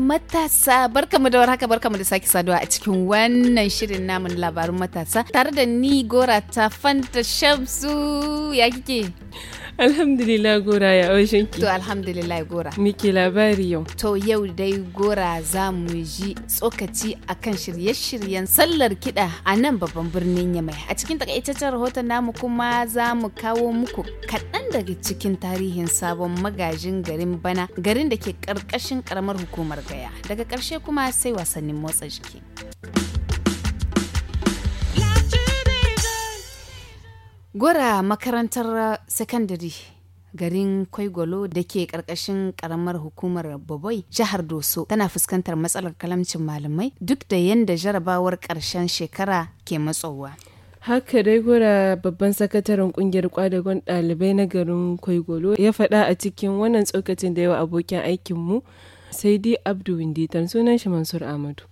matasa barkamu da warhaka barkamu da sake saduwa a cikin wannan shirin namun labarun matasa tare da ni gora ta fanta shamsu ya kike alhamdulillah gora ya aushen ki to alhamdulillah gora miki labari yau to yau dai gora za mu ji tsokaci akan shirye-shiryen sallar kiɗa a nan babban birnin yamai a cikin takaitaccen rahoton namu kuma za mu kawo muku kaɗan daga cikin tarihin sabon magajin garin bana garin da ke ƙarƙashin ƙaramar hukumar gaya daga ƙarshe kuma sai wasannin motsa jiki Gwara makarantar sakandare garin Kwaigolo da ke karkashin karamar hukumar baboi jihar Doso tana fuskantar matsalar kalamcin malamai duk da yadda jarabawar karshen shekara ke matsowa. haka dai gura babban sakataren kungiyar kwadagon ɗalibai na garin kwaigolo ya faɗa a cikin wannan tsokacin da yawa abokin aikinmu sai dai abdu winditan sunan shi mansur amadu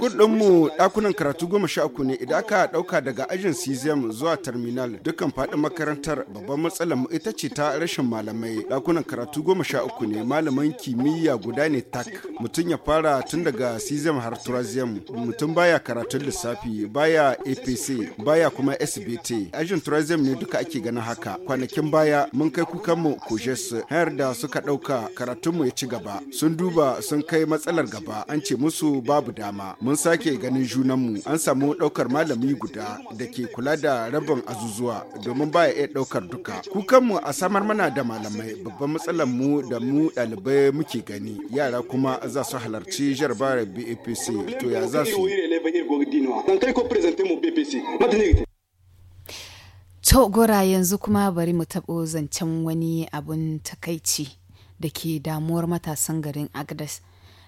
Kudin mu ɗakunan karatu goma sha uku ne idan aka ɗauka daga ajin CZM zuwa terminal dukkan faɗin makarantar babban matsalar mu ita ce ta rashin malamai ɗakunan karatu goma sha uku ne malaman kimiyya guda ne tak mutum ya fara tun daga CZM har Turazem mutum baya karatun lissafi baya APC baya kuma SBT ajin Turazem ne duka ake ganin haka kwanakin baya mun kai kukanmu Kujes hayar da suka ɗauka mu ya ci gaba sun duba sun kai kai matsalar gaba an ce musu babu dama mun sake ganin junanmu an samu ɗaukar malami guda da ke kula da rabin azuzuwa domin baya iya ɗaukar duka kukanmu a samar mana da malamai babban matsalar mu da mu ɗalibai muke gani yara kuma za su halarci jarabar BAPC to ya za su To gora yanzu kuma bari mu taɓo zancen wani abun takaici da ke damuwar matasan garin Agdas.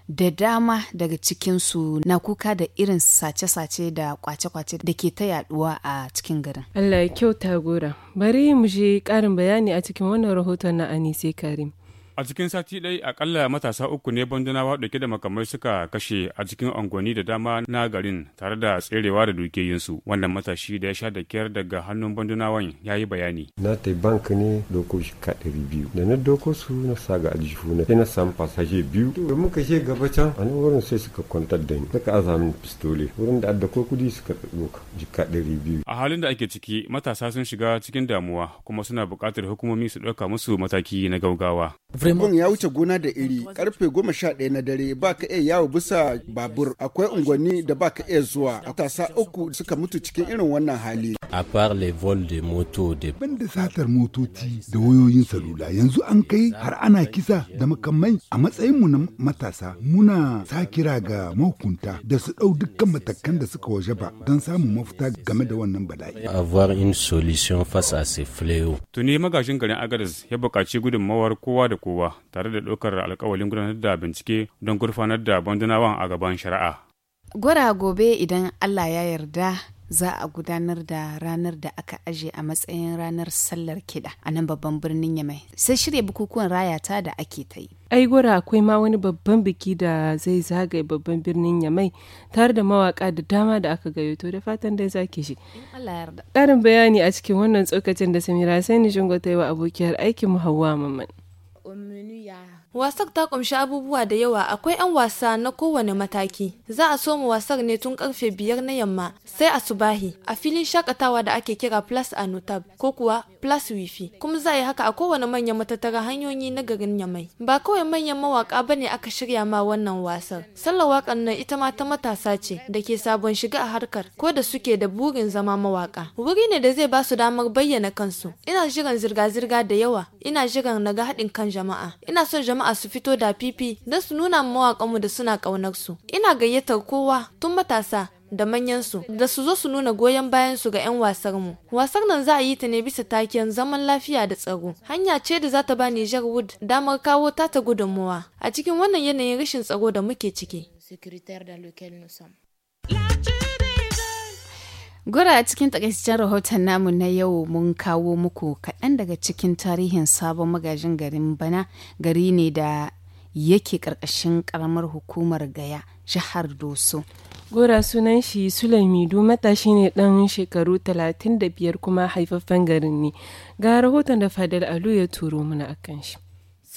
da dama daga cikinsu na kuka da irin sace-sace da kwace-kwace da ke ta yaduwa a cikin garin. Allah ya kyauta gora. Bari mu je ƙarin bayani a cikin wannan rahoton na Anise Karim. A cikin sati ɗaya akalla matasa uku ne bandunawa ɗauke da makamai suka kashe a cikin unguwanni da dama na garin tare da tserewa da dukiyoyinsu. Wannan matashi da ya sha da kyar daga hannun bandunawan ya yi bayani. Na ta bank ne doko ka ɗari biyu. Da na doko su na sa ga aljihu na sai na samu fasashe biyu. Da muka kashe gaba can a wurin sai suka kwantar da ni. Suka aza min pistole. Wurin da adda ko kudi suka ɗauka jika ɗari biyu. A halin da ake ciki matasa sun shiga cikin damuwa kuma suna buƙatar hukumomi su ɗauka musu mataki na gaugawa. abin ya wuce gona da iri karfe goma sha ɗaya na dare ba ka iya yawo bisa babur akwai unguwanni da ba ka iya zuwa a tasa uku suka mutu cikin irin wannan hali a part les vols de moto de ban da satar motoci da wayoyin salula yanzu an kai har ana kisa da makamai a matsayin mu na matasa muna sa kira ga mahukunta da su ɗau dukkan matakan da suka waje ba don samun mafita game da wannan bala'i avoir une solution face à ces fléaux tuni magashin garin agadez ya buƙaci gudunmawar kowa da kowa tare da ɗaukar alƙawalin gudanar da bincike don gurfanar da bandunawan a gaban shari'a gwara gobe idan allah ya yarda za a gudanar da ranar da aka aje a matsayin ranar sallar kiɗa a nan babban birnin Yamai. Sai shirya bukukuwan rayata da ake ta yi. ai gora akwai ma wani babban biki da zai zagaye babban birnin yamai tare da mawaka da dama da aka gayyato da fatan dai za ki shi ƙarin bayani a cikin wannan tsokacin da samira sai ni shingo ta yi wa abokiyar aikin mu hawa mamman Wasar ta kumshi abubuwa da yawa akwai 'yan wasa na kowane mataki. Za a soma wasar ne tun karfe biyar na yamma sai a subahi a filin shakatawa da ake kira Plus Anotab ko kuwa Plus Wifi. Kuma za a yi haka a kowane manyan matattara hanyoyi na garin Yamai. Ba kawai manyan mawaka ne aka shirya ma wannan wasar. Sallar wakan nan ita ma ta matasa ce da ke sabon shiga a harkar ko da suke da burin zama mawaka. Wuri ne da zai ba su damar bayyana kansu. Ina jiran zirga-zirga da yawa. Ina jiran ga haɗin kan jama'a. Ina son jama'a su fito da fifi don su nuna mu da suna ƙaunar su. Ina gayyatar kowa tun matasa da manyansu da su zo su nuna goyon bayansu ga 'yan wasarmu. Wasar nan za a yi ta ne bisa taken zaman lafiya da tsaro. Hanya ce da za ta ba Niger Wood damar kawo tata gudunmuwa a cikin wannan yanayin rashin tsaro da muke ciki. Gura a cikin takaitaccen rahoton namu na yau mun kawo muku kaɗan daga cikin tarihin sabon magajin garin bana gari ne da yake ƙarƙashin karamar hukumar gaya jihar Doso. Gora sunan shi Sulaimidu matashi ne ɗan shekaru 35 kuma haifaffen garin ne. Ga rahoton da Fadal Alu ya turo mana akan shi.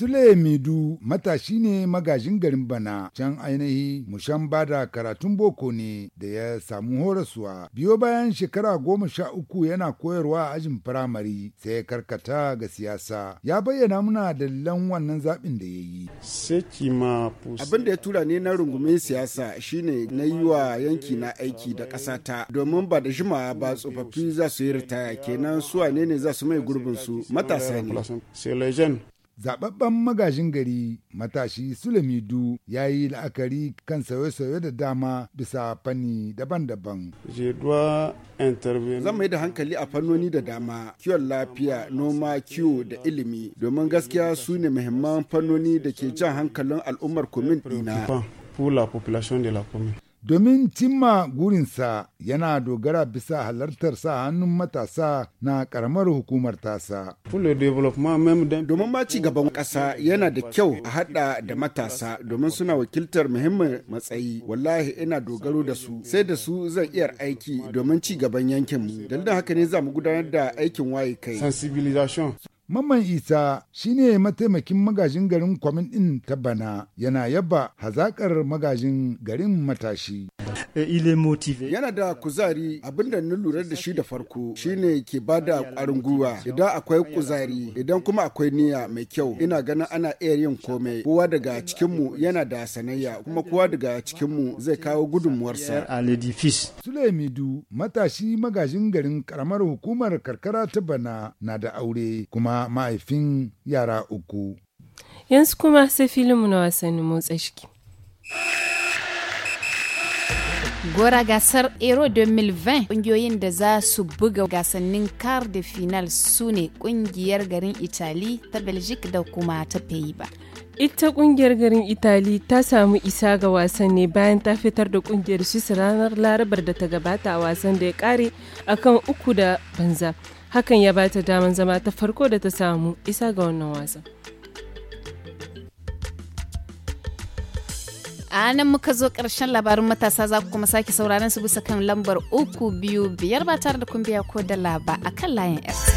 Sule Midu matashi ne magajin garin Bana can ainihi mushan bada karatun boko ne da ya samu horaswa. Biyo bayan shekara goma sha uku yana koyarwa a ajin firamare sai ya karkata ga siyasa. Ya bayyana muna dalilan wannan zaɓin da ya yi. Abin da ya tura ne na rungumin siyasa shine na yi wa yanki na aiki da ƙasata domin ba da jimawa ba tsofaffi za su yi ritaya kenan su ne ne za su mai gurbin su matasa ne. Zababben magajin gari matashi Sulemidu ya yi la'akari kan sauye-sauye da dama bisa fanni daban-daban. Zan mai da hankali a fannoni da dama, kiwon lafiya, noma, kiwo da ilimi, domin gaskiya su ne muhimman fannoni da ke jan hankalin al'ummar kumin dina. Domin cimma gurinsa yana dogara bisa halartar sa hannun matasa na karamar hukumar tasa. Domin ma ci gaban ƙasa yana da kyau a haɗa da matasa domin suna wakiltar muhimmin matsayi. Wallahi ina dogaro da su sai da su zan iya aiki domin ci gaban yankinmu. Dalilin haka ne za mu gudanar da aikin waye kai. Mamman Isa shine mataimakin magajin garin kwamin ɗin ta bana yana yaba hazaƙar magajin garin matashi. Eh, yana da kuzari abinda na lura da shi da farko shine ke bada ƙwarin gwiwa idan akwai kuzari idan kuma akwai niyya mai kyau ina ganin ana iya yin komai kowa daga cikinmu yana da sanayya kuma kowa daga cikinmu zai kawo gudunmuwarsa. Sulemidu matashi magajin garin karamar hukumar karkara ta bana na da aure kuma kuma yara uku. Yanzu kuma sai filinmu na wasannin motsa jiki. Gora gasar Euro 2020 ƙungiyoyin da za su buga gasannin kar da final su ne ƙungiyar garin Itali ta Belgique da kuma ta ba. Ita ƙungiyar garin Itali ta samu isa ga wasan ne bayan ta fitar da ƙungiyar su ranar larabar da ta gabata a wasan da ya kare akan uku da banza. hakan ya bata daman zama ta farko da ta samu isa ga wannan wasan. a nan muka zo ƙarshen labarin matasa za ku kuma sake sauraron su bisa kan lambar uku biyu biyar ba tare da kun biya ko da laba a kan layin f